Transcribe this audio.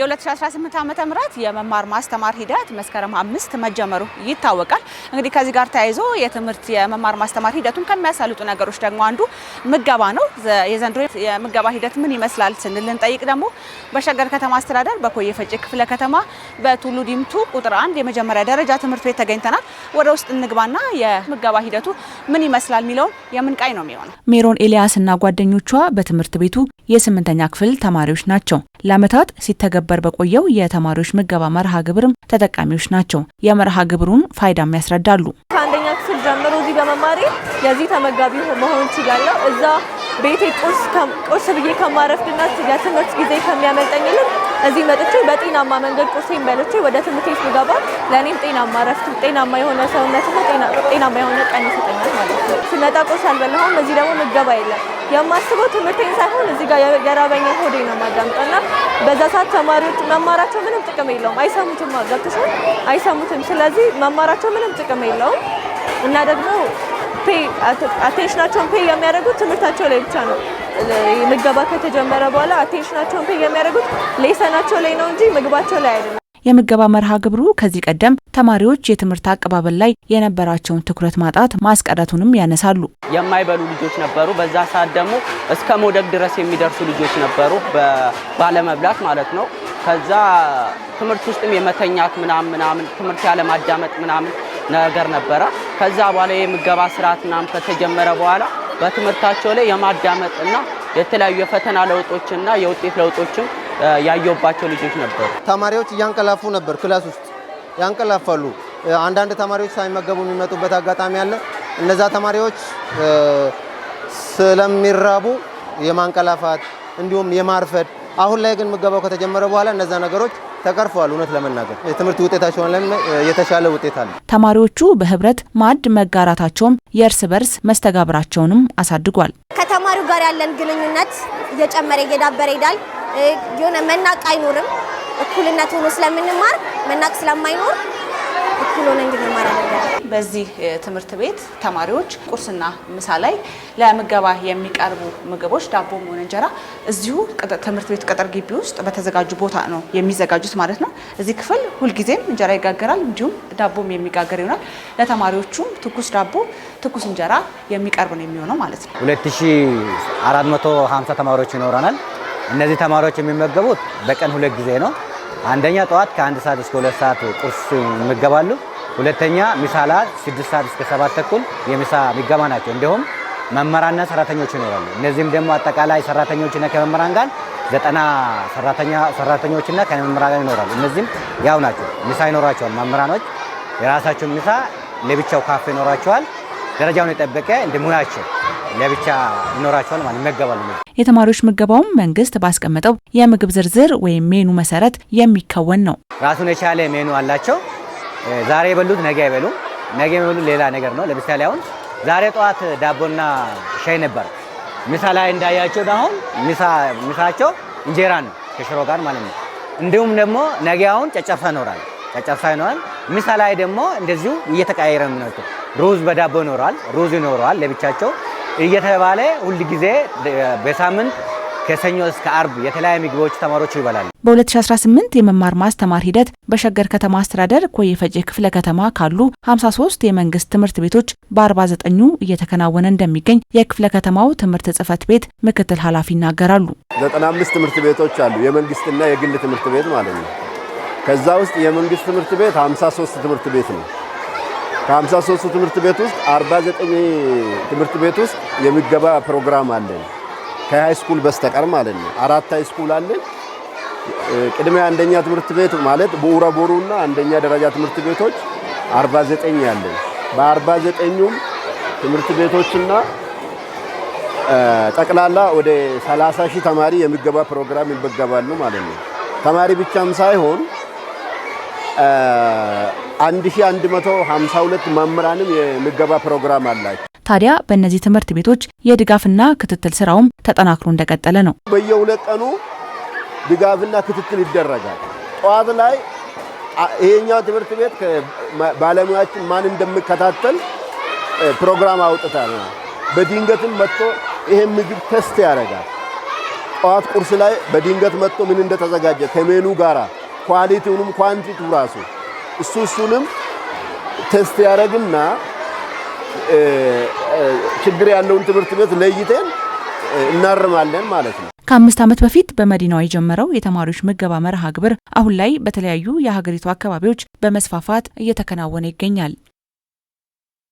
የ2018 ዓመተ ምህረት የመማር ማስተማር ሂደት መስከረም አምስት መጀመሩ ይታወቃል። እንግዲህ ከዚህ ጋር ተያይዞ የትምህርት የመማር ማስተማር ሂደቱን ከሚያሳልጡ ነገሮች ደግሞ አንዱ ምገባ ነው። የዘንድሮ የምገባ ሂደት ምን ይመስላል ስንል እንጠይቅ ደግሞ በሸገር ከተማ አስተዳደር በኮየ ፈጬ ክፍለ ከተማ በቱሉ ዲምቱ ቁጥር አንድ የመጀመሪያ ደረጃ ትምህርት ቤት ተገኝተናል። ወደ ውስጥ እንግባና የምገባ ሂደቱ ምን ይመስላል የሚለውን የምንቃኝ ነው የሚሆነው። ሜሮን ኤልያስ እና ጓደኞቿ በትምህርት ቤቱ የስምንተኛ ክፍል ተማሪዎች ናቸው። ለአመታት ሲተገበር በቆየው የተማሪዎች ምገባ መርሃ ግብርም ተጠቃሚዎች ናቸው። የመርሃ ግብሩን ፋይዳም ያስረዳሉ። ከአንደኛ ክፍል ጀምሮ እዚህ በመማሪ የዚህ ተመጋቢ መሆን እችላለሁ። እዛ ቤቴ ቁርስ ብዬ ከማረፍድና የትምህርት ጊዜ ከሚያመልጠኝ ይልቅ እዚህ መጥቼ በጤናማ መንገድ ቁርሴን በልቼ ወደ ትምህርት ቤት ምገባ ለእኔም ጤናማ ረፍት፣ ጤናማ የሆነ ሰውነትና ጤናማ የሆነ ቀን ይሰጠኛል ማለት ነው። ስመጣ ቁርስ አልበላሁም። እዚህ ደግሞ ምገባ የለም። የማስበው ትምህርቴን ሳይሆን እዚህ ጋር የራበኝ ሆዴ ነው ማዳምጠና በዛ ሰዓት ተማሪዎች መማራቸው ምንም ጥቅም የለውም፣ አይሰሙትም፣ ገብቶሻል? አይሰሙትም። ስለዚህ መማራቸው ምንም ጥቅም የለውም እና ደግሞ አቴንሽናቸውን ፔ የሚያደርጉት ትምህርታቸው ላይ ብቻ ነው። ምገባ ከተጀመረ በኋላ አቴንሽናቸውን ፔ የሚያደርጉት ሌሰናቸው ላይ ነው እንጂ ምግባቸው ላይ አይደለም። የምገባ መርሃ ግብሩ ከዚህ ቀደም ተማሪዎች የትምህርት አቀባበል ላይ የነበራቸውን ትኩረት ማጣት ማስቀረቱንም ያነሳሉ። የማይበሉ ልጆች ነበሩ። በዛ ሰዓት ደግሞ እስከ መውደቅ ድረስ የሚደርሱ ልጆች ነበሩ፣ ባለመብላት ማለት ነው። ከዛ ትምህርት ውስጥም የመተኛት ምናምን ምናምን ትምህርት ያለማዳመጥ ምናምን ነገር ነበረ። ከዛ በኋላ የምገባ ስርዓት ምናምን ከተጀመረ በኋላ በትምህርታቸው ላይ የማዳመጥና የተለያዩ የፈተና ለውጦችና የውጤት ለውጦችም ያየባቸው ልጆች ነበሩ። ተማሪዎች እያንቀላፉ ነበር፣ ክላስ ውስጥ ያንቀላፋሉ። አንዳንድ ተማሪዎች ሳይመገቡ የሚመጡበት አጋጣሚ አለ። እነዛ ተማሪዎች ስለሚራቡ የማንቀላፋት እንዲሁም የማርፈድ አሁን ላይ ግን ምገባው ከተጀመረ በኋላ እነዛ ነገሮች ተቀርፈዋል። እውነት ለመናገር የትምህርት ውጤታቸውን ላይ የተሻለ ውጤት አለ። ተማሪዎቹ በህብረት ማዕድ መጋራታቸውም የእርስ በርስ መስተጋብራቸውንም አሳድጓል። ከተማሪው ጋር ያለን ግንኙነት እየጨመረ እየዳበረ ይሄዳል። የሆነ መናቅ አይኖርም። እኩልነት ሆኖ ስለምንማር መናቅ ስለማይኖር እኩል ሆነ እንድንማር በዚህ ትምህርት ቤት ተማሪዎች ቁርስና ምሳ ላይ ለምገባ የሚቀርቡ ምግቦች ዳቦ ሆነ እንጀራ እዚሁ ትምህርት ቤት ቅጥር ግቢ ውስጥ በተዘጋጁ ቦታ ነው የሚዘጋጁት ማለት ነው። እዚህ ክፍል ሁልጊዜም እንጀራ ይጋገራል፣ እንዲሁም ዳቦም የሚጋገር ይሆናል። ለተማሪዎቹም ትኩስ ዳቦ፣ ትኩስ እንጀራ የሚቀርብ ነው የሚሆነው ማለት ነው። 2450 ተማሪዎች ይኖረናል። እነዚህ ተማሪዎች የሚመገቡት በቀን ሁለት ጊዜ ነው። አንደኛ ጠዋት ከአንድ ሰዓት እስከ ሁለት ሰዓት ቁርስ ይመገባሉ። ሁለተኛ ሚሳላ ስድስት ሰዓት እስከ ሰባት ተኩል የሚሳ ሚገባ ናቸው። እንዲሁም መምህራንና ሰራተኞች ይኖራሉ። እነዚህም ደግሞ አጠቃላይ ሰራተኞችና ከመምህራን ጋር ዘጠና ሰራተኞችና ከመምህራን ጋር ይኖራሉ። እነዚህም ያው ናቸው። ሚሳ ይኖራቸዋል። መምህራኖች የራሳቸውን ሚሳ ለብቻው ካፌ ይኖራቸዋል። ደረጃውን የጠበቀ እንደ ሙያቸው ለብቻ ይኖራቸዋል ማለት ይመገባሉ። የተማሪዎች ምገባውም መንግስት ባስቀመጠው የምግብ ዝርዝር ወይም ሜኑ መሰረት የሚከወን ነው። ራሱን የቻለ ሜኑ አላቸው። ዛሬ የበሉት ነገ አይበሉም፣ ነገ የሚበሉት ሌላ ነገር ነው። ለምሳሌ አሁን ዛሬ ጠዋት ዳቦና ሻይ ነበር። ምሳ ላይ እንዳያቸው አሁን ምሳቸው እንጀራ ነው ከሽሮ ጋር ማለት ነው። እንዲሁም ደግሞ ነገ አሁን ጨጨብሳ ይኖራል፣ ጨጨብሳ ይኖራል። ምሳ ላይ ደግሞ እንደዚሁ እየተቀያየረ ነው። ሩዝ በዳቦ ይኖረዋል፣ ሩዝ ይኖረዋል ለብቻቸው እየተባለ ሁል ጊዜ በሳምንት ከሰኞ እስከ አርብ የተለያዩ ምግቦች ተማሪዎቹ ይበላሉ። በ2018 የመማር ማስተማር ሂደት በሸገር ከተማ አስተዳደር ኮዬ ክፍለ ከተማ ካሉ 53 የመንግስት ትምህርት ቤቶች በ49ኙ እየተከናወነ እንደሚገኝ የክፍለ ከተማው ትምህርት ጽህፈት ቤት ምክትል ኃላፊ ይናገራሉ። 95 ትምህርት ቤቶች አሉ፣ የመንግስትና የግል ትምህርት ቤት ማለት ነው። ከዛ ውስጥ የመንግስት ትምህርት ቤት 53 ትምህርት ቤት ነው። ከ53ቱ ትምህርት ቤት ውስጥ 49 ትምህርት ቤት ውስጥ የሚገባ ፕሮግራም አለን። ከሃይ ስኩል በስተቀር ማለት ነው። አራት ሃይ ስኩል አለን። ቅድሚያ አንደኛ ትምህርት ቤት ማለት ቦሩ እና አንደኛ ደረጃ ትምህርት ቤቶች 49 አለን። በ49ኙም ትምህርት ቤቶችና ጠቅላላ ወደ 30 ሺህ ተማሪ የሚገባ ፕሮግራም ይመገባሉ ማለት ነው። ተማሪ ብቻም ሳይሆን 1152 መምህራንም የምገባ ፕሮግራም አላቸው። ታዲያ በእነዚህ ትምህርት ቤቶች የድጋፍና ክትትል ስራውም ተጠናክሮ እንደቀጠለ ነው። በየሁለት ቀኑ ድጋፍና ክትትል ይደረጋል። ጠዋት ላይ ይሄኛው ትምህርት ቤት ባለሙያችን ማን እንደሚከታተል ፕሮግራም አውጥታል። በድንገትም መጥቶ ይሄን ምግብ ቴስት ያደርጋል። ጠዋት ቁርስ ላይ በድንገት መጥቶ ምን እንደተዘጋጀ ከሜኑ ጋራ ኳሊቲውንም ኳንቲቱ ራሱ እሱ እሱንም ያረግና ያደረግና ችግር ያለውን ትምህርት ቤት ለይተን እናርማለን ማለት ነው። ከአምስት ዓመት በፊት በመዲናው የጀመረው የተማሪዎች ምገባ መርሃ ግብር አሁን ላይ በተለያዩ የሀገሪቱ አካባቢዎች በመስፋፋት እየተከናወነ ይገኛል።